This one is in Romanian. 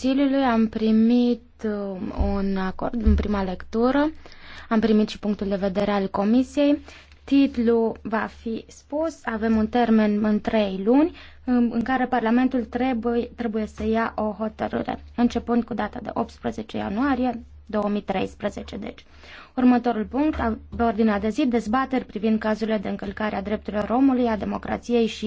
Consiliului am primit uh, un acord în prima lectură, am primit și punctul de vedere al Comisiei. Titlul va fi spus, avem un termen în trei luni um, în care Parlamentul trebuie, trebuie să ia o hotărâre, începând cu data de 18 ianuarie 2013. Deci, următorul punct pe ordinea de zi, dezbateri privind cazurile de încălcare a drepturilor omului, a democrației și